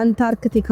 አንታርክቲካ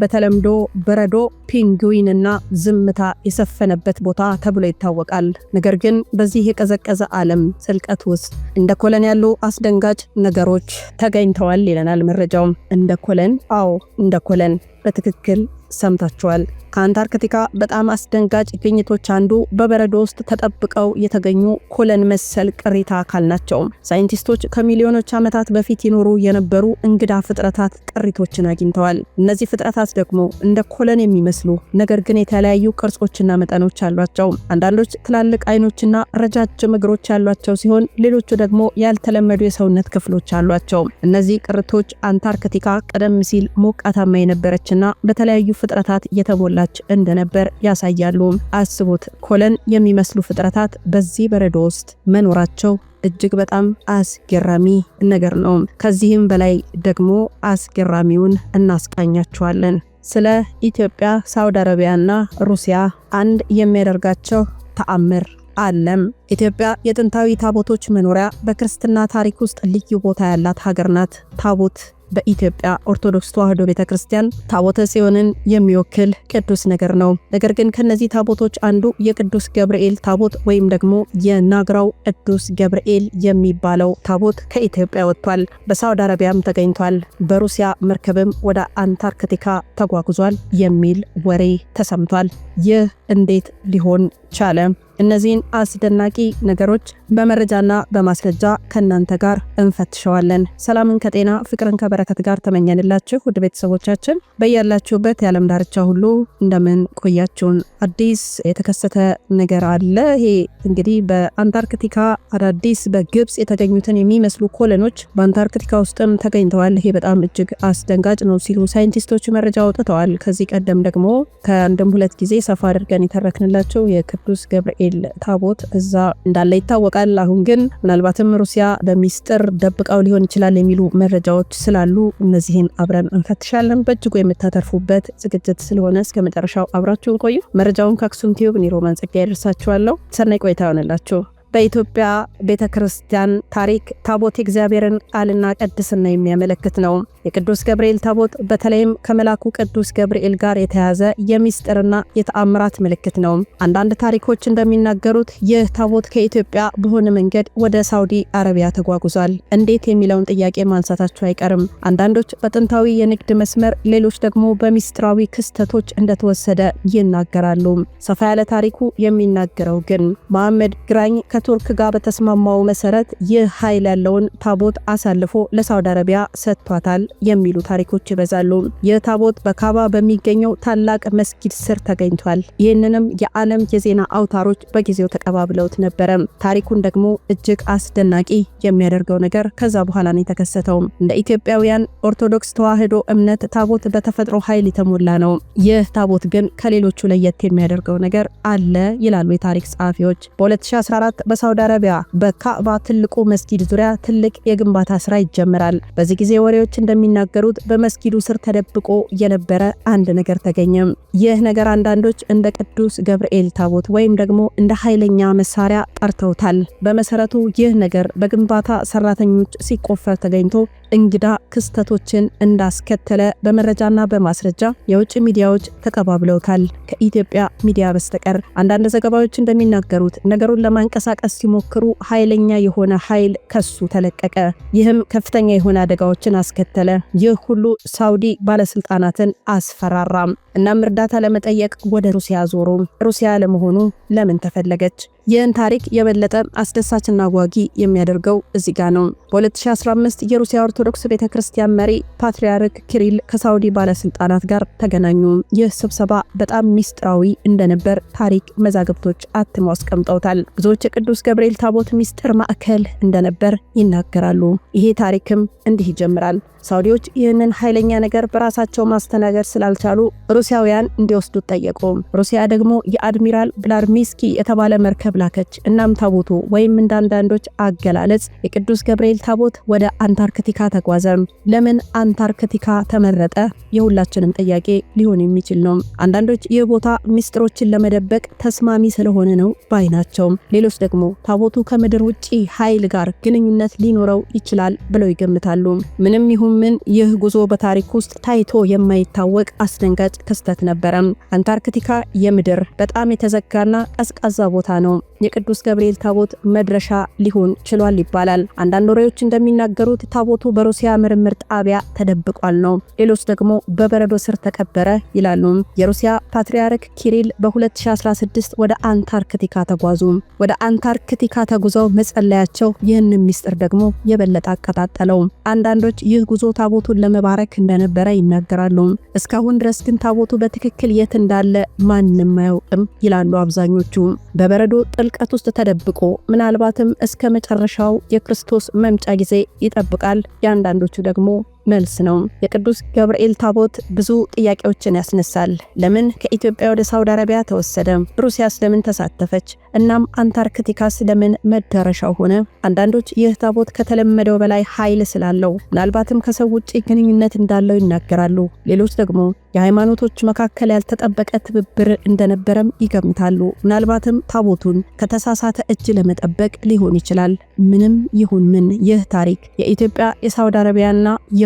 በተለምዶ በረዶ ፒንግዊን እና ዝምታ የሰፈነበት ቦታ ተብሎ ይታወቃል። ነገር ግን በዚህ የቀዘቀዘ ዓለም ስልቀት ውስጥ እንደ ኮለን ያሉ አስደንጋጭ ነገሮች ተገኝተዋል ይለናል መረጃውም። እንደ ኮለን? አዎ እንደ ኮለን በትክክል ሰምታችኋል። ከአንታርክቲካ በጣም አስደንጋጭ ግኝቶች አንዱ በበረዶ ውስጥ ተጠብቀው የተገኙ ኮለን መሰል ቅሪተ አካል ናቸው። ሳይንቲስቶች ከሚሊዮኖች ዓመታት በፊት ይኖሩ የነበሩ እንግዳ ፍጥረታት ቅሪቶችን አግኝተዋል። እነዚህ ፍጥረታት ደግሞ እንደ ኮለን የሚመስል የሚመስሉ ነገር ግን የተለያዩ ቅርጾችና መጠኖች አሏቸው። አንዳንዶች ትላልቅ አይኖችና ረጃጅም እግሮች ያሏቸው ሲሆን ሌሎቹ ደግሞ ያልተለመዱ የሰውነት ክፍሎች አሏቸው። እነዚህ ቅርቶች አንታርክቲካ ቀደም ሲል ሞቃታማ የነበረችና በተለያዩ ፍጥረታት የተሞላች እንደነበር ያሳያሉ። አስቡት ኮለን የሚመስሉ ፍጥረታት በዚህ በረዶ ውስጥ መኖራቸው እጅግ በጣም አስገራሚ ነገር ነው። ከዚህም በላይ ደግሞ አስገራሚውን እናስቃኛችኋለን። ስለ ኢትዮጵያ፣ ሳውዲ አረቢያና ሩሲያ አንድ የሚያደርጋቸው ተአምር አለም። ኢትዮጵያ የጥንታዊ ታቦቶች መኖሪያ፣ በክርስትና ታሪክ ውስጥ ልዩ ቦታ ያላት ሀገር ናት። ታቦት በኢትዮጵያ ኦርቶዶክስ ተዋሕዶ ቤተ ክርስቲያን ታቦተ ጽዮንን የሚወክል ቅዱስ ነገር ነው። ነገር ግን ከነዚህ ታቦቶች አንዱ የቅዱስ ገብርኤል ታቦት ወይም ደግሞ የናግራው ቅዱስ ገብርኤል የሚባለው ታቦት ከኢትዮጵያ ወጥቷል። በሳውዲ አረቢያም ተገኝቷል። በሩሲያ መርከብም ወደ አንታርክቲካ ተጓጉዟል የሚል ወሬ ተሰምቷል። ይህ እንዴት ሊሆን ቻለ? እነዚህን አስደናቂ ነገሮች በመረጃና በማስረጃ ከእናንተ ጋር እንፈትሸዋለን። ሰላምን ከጤና ፍቅርን ከበረ በረከት ጋር ተመኘንላችሁ። ውድ ቤተሰቦቻችን በያላችሁበት የዓለም ዳርቻ ሁሉ እንደምን ቆያችሁን? አዲስ የተከሰተ ነገር አለ። ይሄ እንግዲህ በአንታርክቲካ አዳዲስ በግብፅ የተገኙትን የሚመስሉ ኮለኖች በአንታርክቲካ ውስጥም ተገኝተዋል። ይሄ በጣም እጅግ አስደንጋጭ ነው ሲሉ ሳይንቲስቶች መረጃ አውጥተዋል። ከዚህ ቀደም ደግሞ ከአንድም ሁለት ጊዜ ሰፋ አድርገን የተረክንላቸው የቅዱስ ገብርኤል ታቦት እዛ እንዳለ ይታወቃል። አሁን ግን ምናልባትም ሩሲያ በሚስጥር ደብቃው ሊሆን ይችላል የሚሉ መረጃዎች ስላሉ አሉ። እነዚህን አብረን እንፈትሻለን። በእጅጉ የምታተርፉበት ዝግጅት ስለሆነ እስከ መጨረሻው አብራችሁን ቆዩ። መረጃውን ከአክሱም ቲዩብ ኒሮማን ጸጋ ያደርሳችኋለሁ። ሰናይ ቆይታ ይሆንላችሁ። በኢትዮጵያ ቤተ ክርስቲያን ታሪክ ታቦት የእግዚአብሔርን ቃልና ቅድስና የሚያመለክት ነው። የቅዱስ ገብርኤል ታቦት በተለይም ከመላኩ ቅዱስ ገብርኤል ጋር የተያዘ የሚስጥርና የተአምራት ምልክት ነው። አንዳንድ ታሪኮች እንደሚናገሩት ይህ ታቦት ከኢትዮጵያ በሆነ መንገድ ወደ ሳውዲ አረቢያ ተጓጉዟል። እንዴት የሚለውን ጥያቄ ማንሳታቸው አይቀርም። አንዳንዶች በጥንታዊ የንግድ መስመር፣ ሌሎች ደግሞ በሚስጥራዊ ክስተቶች እንደተወሰደ ይናገራሉ። ሰፋ ያለ ታሪኩ የሚናገረው ግን መሐመድ ግራኝ ከቱርክ ጋር በተስማማው መሰረት ይህ ኃይል ያለውን ታቦት አሳልፎ ለሳውዲ አረቢያ ሰጥቷታል የሚሉ ታሪኮች ይበዛሉ። ይህ ታቦት በካባ በሚገኘው ታላቅ መስጊድ ስር ተገኝቷል። ይህንንም የዓለም የዜና አውታሮች በጊዜው ተቀባብለውት ነበረም። ታሪኩን ደግሞ እጅግ አስደናቂ የሚያደርገው ነገር ከዛ በኋላ ነው የተከሰተው። እንደ ኢትዮጵያውያን ኦርቶዶክስ ተዋህዶ እምነት ታቦት በተፈጥሮ ኃይል የተሞላ ነው። ይህ ታቦት ግን ከሌሎቹ ለየት የሚያደርገው ነገር አለ ይላሉ የታሪክ ጸሐፊዎች በ2014 በሳውዲ አረቢያ በካዕባ ትልቁ መስጊድ ዙሪያ ትልቅ የግንባታ ስራ ይጀምራል። በዚህ ጊዜ ወሬዎች እንደሚናገሩት በመስጊዱ ስር ተደብቆ የነበረ አንድ ነገር ተገኘም። ይህ ነገር አንዳንዶች እንደ ቅዱስ ገብርኤል ታቦት ወይም ደግሞ እንደ ኃይለኛ መሳሪያ ጠርተውታል። በመሰረቱ ይህ ነገር በግንባታ ሰራተኞች ሲቆፈር ተገኝቶ እንግዳ ክስተቶችን እንዳስከተለ በመረጃና በማስረጃ የውጭ ሚዲያዎች ተቀባብለውታል። ከኢትዮጵያ ሚዲያ በስተቀር አንዳንድ ዘገባዎች እንደሚናገሩት ነገሩን ለማንቀሳቀስ ሲሞክሩ ኃይለኛ የሆነ ኃይል ከሱ ተለቀቀ። ይህም ከፍተኛ የሆነ አደጋዎችን አስከተለ። ይህ ሁሉ ሳውዲ ባለስልጣናትን አስፈራራም። እናም እርዳታ ለመጠየቅ ወደ ሩሲያ ዞሩ። ሩሲያ ለመሆኑ ለምን ተፈለገች? ይህን ታሪክ የበለጠ አስደሳችና ጓጊ የሚያደርገው እዚህ ጋ ነው። በ2015 የሩሲያ ኦርቶዶክስ ቤተ ክርስቲያን መሪ ፓትርያርክ ኪሪል ከሳውዲ ባለስልጣናት ጋር ተገናኙ። ይህ ስብሰባ በጣም ሚስጥራዊ እንደነበር ታሪክ መዛግብቶች አትመው አስቀምጠውታል። ብዙዎች የቅዱስ ገብርኤል ታቦት ሚስጥር ማዕከል እንደነበር ይናገራሉ። ይሄ ታሪክም እንዲህ ይጀምራል። ሳውዲዎች ይህንን ኃይለኛ ነገር በራሳቸው ማስተናገድ ስላልቻሉ ሩሲያውያን እንዲወስዱት ጠየቁ። ሩሲያ ደግሞ የአድሚራል ብላድሚስኪ የተባለ መርከብ ላከች። እናም ታቦቱ ወይም እንደ አንዳንዶች አገላለጽ የቅዱስ ገብርኤል ታቦት ወደ አንታርክቲካ ተጓዘ። ለምን አንታርክቲካ ተመረጠ? የሁላችንም ጥያቄ ሊሆን የሚችል ነው። አንዳንዶች ይህ ቦታ ሚስጥሮችን ለመደበቅ ተስማሚ ስለሆነ ነው ባይ ናቸው። ሌሎች ደግሞ ታቦቱ ከምድር ውጭ ኃይል ጋር ግንኙነት ሊኖረው ይችላል ብለው ይገምታሉ። ምንም ይሁን ምን ይህ ጉዞ በታሪክ ውስጥ ታይቶ የማይታወቅ አስደንጋጭ ክስተት ነበረም። አንታርክቲካ የምድር በጣም የተዘጋና ቀዝቃዛ ቦታ ነው። የቅዱስ ገብርኤል ታቦት መድረሻ ሊሆን ችሏል ይባላል። አንዳንድ ወሬዎች እንደሚናገሩት ታቦቱ በሩሲያ ምርምር ጣቢያ ተደብቋል ነው፣ ሌሎች ደግሞ በበረዶ ስር ተቀበረ ይላሉ። የሩሲያ ፓትርያርክ ኪሪል በ2016 ወደ አንታርክቲካ ተጓዙ። ወደ አንታርክቲካ ተጉዘው መጸለያቸው ይህንን ሚስጥር ደግሞ የበለጠ አቀጣጠለው። አንዳንዶች ይህ ጉዞ ታቦቱን ለመባረክ እንደነበረ ይናገራሉ። እስካሁን ድረስ ግን ታቦቱ በትክክል የት እንዳለ ማንም አያውቅም ይላሉ አብዛኞቹ። በበረዶ ጥል ጥልቀት ውስጥ ተደብቆ ምናልባትም እስከ መጨረሻው የክርስቶስ መምጫ ጊዜ ይጠብቃል። የአንዳንዶቹ ደግሞ መልስ ነው። የቅዱስ ገብርኤል ታቦት ብዙ ጥያቄዎችን ያስነሳል። ለምን ከኢትዮጵያ ወደ ሳውዲ አረቢያ ተወሰደ? ሩሲያስ ለምን ተሳተፈች? እናም አንታርክቲካስ ለምን መዳረሻው ሆነ? አንዳንዶች ይህ ታቦት ከተለመደው በላይ ኃይል ስላለው ምናልባትም ከሰው ውጭ ግንኙነት እንዳለው ይናገራሉ። ሌሎች ደግሞ የሃይማኖቶች መካከል ያልተጠበቀ ትብብር እንደነበረም ይገምታሉ። ምናልባትም ታቦቱን ከተሳሳተ እጅ ለመጠበቅ ሊሆን ይችላል። ምንም ይሁን ምን ይህ ታሪክ የኢትዮጵያ የሳውዲ አረቢያና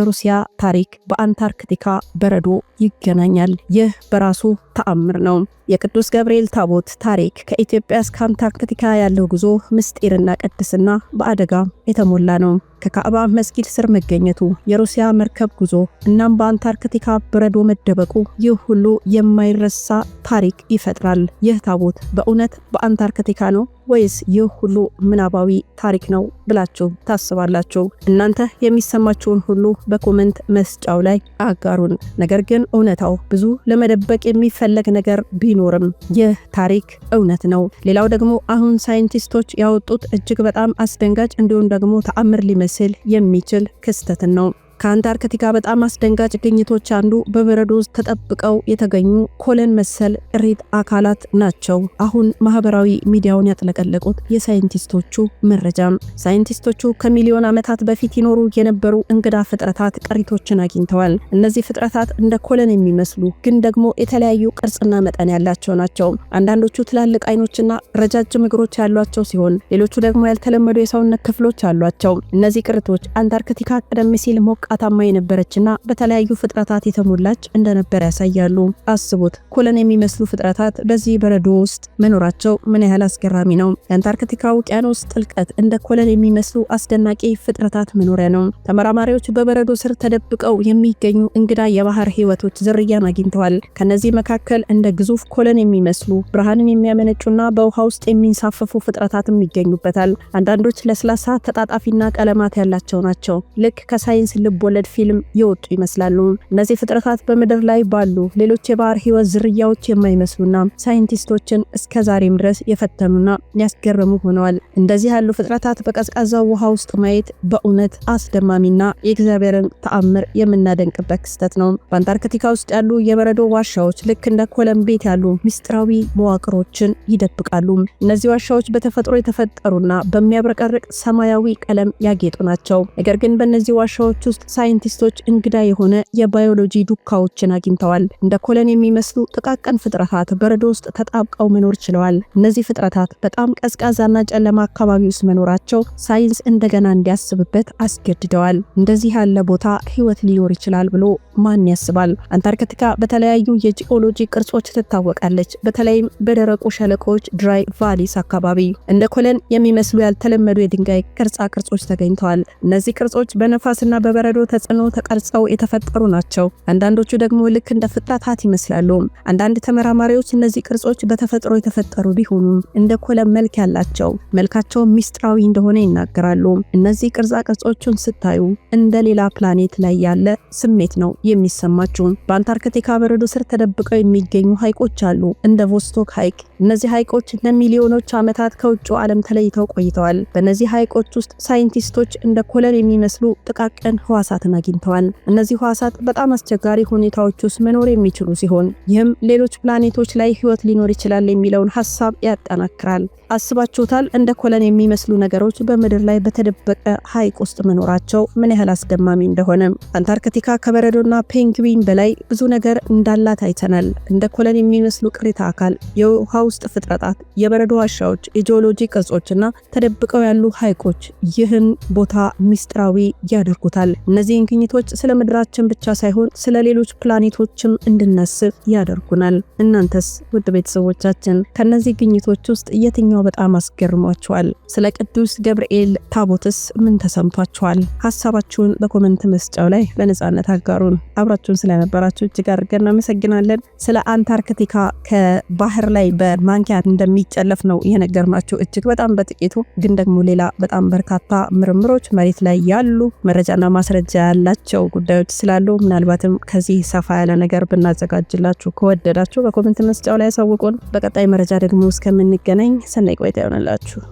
የሩሲያ ታሪክ በአንታርክቲካ በረዶ ይገናኛል። ይህ በራሱ ተአምር ነው። የቅዱስ ገብርኤል ታቦት ታሪክ ከኢትዮጵያ እስከ አንታርክቲካ ያለው ጉዞ ምስጢርና ቅድስና በአደጋ የተሞላ ነው። ከካዕባ መስጊድ ስር መገኘቱ፣ የሩሲያ መርከብ ጉዞ እናም በአንታርክቲካ በረዶ መደበቁ፣ ይህ ሁሉ የማይረሳ ታሪክ ይፈጥራል። ይህ ታቦት በእውነት በአንታርክቲካ ነው ወይስ ይህ ሁሉ ምናባዊ ታሪክ ነው ብላችሁ ታስባላችሁ? እናንተ የሚሰማችሁን ሁሉ በኮመንት መስጫው ላይ አጋሩን። ነገር ግን እውነታው ብዙ ለመደበቅ የሚፈለግ ነገር ቢ ቢኖርም ይህ ታሪክ እውነት ነው። ሌላው ደግሞ አሁን ሳይንቲስቶች ያወጡት እጅግ በጣም አስደንጋጭ እንዲሁም ደግሞ ተአምር ሊመስል የሚችል ክስተትን ነው። ከአንታርክቲካ በጣም አስደንጋጭ ግኝቶች አንዱ በበረዶ ውስጥ ተጠብቀው የተገኙ ኮለን መሰል ቅሪት አካላት ናቸው። አሁን ማህበራዊ ሚዲያውን ያጥለቀለቁት የሳይንቲስቶቹ መረጃም ሳይንቲስቶቹ ከሚሊዮን ዓመታት በፊት ይኖሩ የነበሩ እንግዳ ፍጥረታት ቅሪቶችን አግኝተዋል። እነዚህ ፍጥረታት እንደ ኮለን የሚመስሉ ግን ደግሞ የተለያዩ ቅርጽና መጠን ያላቸው ናቸው። አንዳንዶቹ ትላልቅ አይኖችና ረጃጅም እግሮች ያሏቸው ሲሆን፣ ሌሎቹ ደግሞ ያልተለመዱ የሰውነት ክፍሎች አሏቸው። እነዚህ ቅሪቶች አንታርክቲካ ቀደም ሲል ሞቅ ቃታማ የነበረችና በተለያዩ ፍጥረታት የተሞላች እንደነበር ያሳያሉ። አስቡት ኮለን የሚመስሉ ፍጥረታት በዚህ በረዶ ውስጥ መኖራቸው ምን ያህል አስገራሚ ነው። የአንታርክቲካ ውቅያኖስ ጥልቀት እንደ ኮለን የሚመስሉ አስደናቂ ፍጥረታት መኖሪያ ነው። ተመራማሪዎች በበረዶ ስር ተደብቀው የሚገኙ እንግዳ የባህር ህይወቶች ዝርያን አግኝተዋል። ከነዚህ መካከል እንደ ግዙፍ ኮለን የሚመስሉ ብርሃንን የሚያመነጩና በውሃ ውስጥ የሚንሳፈፉ ፍጥረታትም ይገኙበታል። አንዳንዶች ለስላሳ ተጣጣፊና ቀለማት ያላቸው ናቸው። ልክ ከሳይንስ ልብ ልቦለድ ፊልም የወጡ ይመስላሉ። እነዚህ ፍጥረታት በምድር ላይ ባሉ ሌሎች የባህር ህይወት ዝርያዎች የማይመስሉና ሳይንቲስቶችን እስከ ዛሬም ድረስ የፈተኑና ያስገረሙ ሆነዋል። እንደዚህ ያሉ ፍጥረታት በቀዝቃዛው ውሃ ውስጥ ማየት በእውነት አስደማሚና የእግዚአብሔርን ተአምር የምናደንቅበት ክስተት ነው። በአንታርክቲካ ውስጥ ያሉ የበረዶ ዋሻዎች ልክ እንደ ኮለም ቤት ያሉ ምስጢራዊ መዋቅሮችን ይደብቃሉ። እነዚህ ዋሻዎች በተፈጥሮ የተፈጠሩና በሚያብረቀርቅ ሰማያዊ ቀለም ያጌጡ ናቸው። ነገር ግን በእነዚህ ዋሻዎች ውስጥ ሳይንቲስቶች እንግዳ የሆነ የባዮሎጂ ዱካዎችን አግኝተዋል። እንደ ኮለን የሚመስሉ ጥቃቅን ፍጥረታት በረዶ ውስጥ ተጣብቀው መኖር ችለዋል። እነዚህ ፍጥረታት በጣም ቀዝቃዛና ጨለማ አካባቢ ውስጥ መኖራቸው ሳይንስ እንደገና እንዲያስብበት አስገድደዋል። እንደዚህ ያለ ቦታ ህይወት ሊኖር ይችላል ብሎ ማን ያስባል? አንታርክቲካ በተለያዩ የጂኦሎጂ ቅርጾች ትታወቃለች። በተለይም በደረቁ ሸለቆዎች ድራይ ቫሊስ አካባቢ እንደ ኮለን የሚመስሉ ያልተለመዱ የድንጋይ ቅርጻ ቅርጾች ተገኝተዋል። እነዚህ ቅርጾች በነፋስና በበረዶ በተለምዶ ተጽዕኖ ተቀርጸው የተፈጠሩ ናቸው። አንዳንዶቹ ደግሞ ልክ እንደ ፍጥረታት ይመስላሉ። አንዳንድ ተመራማሪዎች እነዚህ ቅርጾች በተፈጥሮ የተፈጠሩ ቢሆኑም እንደ ኮለም መልክ ያላቸው መልካቸው ሚስጥራዊ እንደሆነ ይናገራሉ። እነዚህ ቅርጻ ቅርጾቹን ስታዩ እንደ ሌላ ፕላኔት ላይ ያለ ስሜት ነው የሚሰማችሁ። በአንታርክቲካ በረዶ ስር ተደብቀው የሚገኙ ሐይቆች አሉ፣ እንደ ቮስቶክ ሐይቅ። እነዚህ ሐይቆች ለሚሊዮኖች ዓመታት ከውጭ ዓለም ተለይተው ቆይተዋል። በእነዚህ ሐይቆች ውስጥ ሳይንቲስቶች እንደ ኮለን የሚመስሉ ጥቃቅን ህዋሳ ህዋሳትን አግኝተዋል። እነዚህ ህዋሳት በጣም አስቸጋሪ ሁኔታዎች ውስጥ መኖር የሚችሉ ሲሆን ይህም ሌሎች ፕላኔቶች ላይ ህይወት ሊኖር ይችላል የሚለውን ሀሳብ ያጠናክራል። አስባችሁታል? እንደ ኮለን የሚመስሉ ነገሮች በምድር ላይ በተደበቀ ሐይቅ ውስጥ መኖራቸው ምን ያህል አስገማሚ እንደሆነ። አንታርክቲካ ከበረዶና ፔንግዊን በላይ ብዙ ነገር እንዳላት አይተናል። እንደ ኮለን የሚመስሉ ቅሪተ አካል፣ የውሃ ውስጥ ፍጥረታት፣ የበረዶ ዋሻዎች፣ የጂኦሎጂ ቅርጾችና ተደብቀው ያሉ ሐይቆች ይህን ቦታ ሚስጥራዊ ያደርጉታል። እነዚህን ግኝቶች ስለ ምድራችን ብቻ ሳይሆን ስለ ሌሎች ፕላኔቶችም እንድናስብ ያደርጉናል። እናንተስ ውድ ቤተሰቦቻችን ከእነዚህ ግኝቶች ውስጥ የትኛው በጣም አስገርሟችኋል? ስለ ቅዱስ ገብርኤል ታቦትስ ምን ተሰምቷችኋል? ሀሳባችሁን በኮመንት መስጫው ላይ በነጻነት አጋሩን። አብራችሁን ስለነበራችሁ እጅግ አድርገን እናመሰግናለን። ስለ አንታርክቲካ ከባህር ላይ በማንኪያ እንደሚጨለፍ ነው የነገርናችሁ። እጅግ በጣም በጥቂቱ ግን ደግሞ ሌላ በጣም በርካታ ምርምሮች መሬት ላይ ያሉ መረጃና ማስረጃ ደረጃ ያላቸው ጉዳዮች ስላሉ ምናልባትም ከዚህ ሰፋ ያለ ነገር ብናዘጋጅላችሁ ከወደዳችሁ በኮሜንት መስጫው ላይ ያሳውቁን። በቀጣይ መረጃ ደግሞ እስከምንገናኝ ሰናይ ቆይታ ይሆንላችሁ።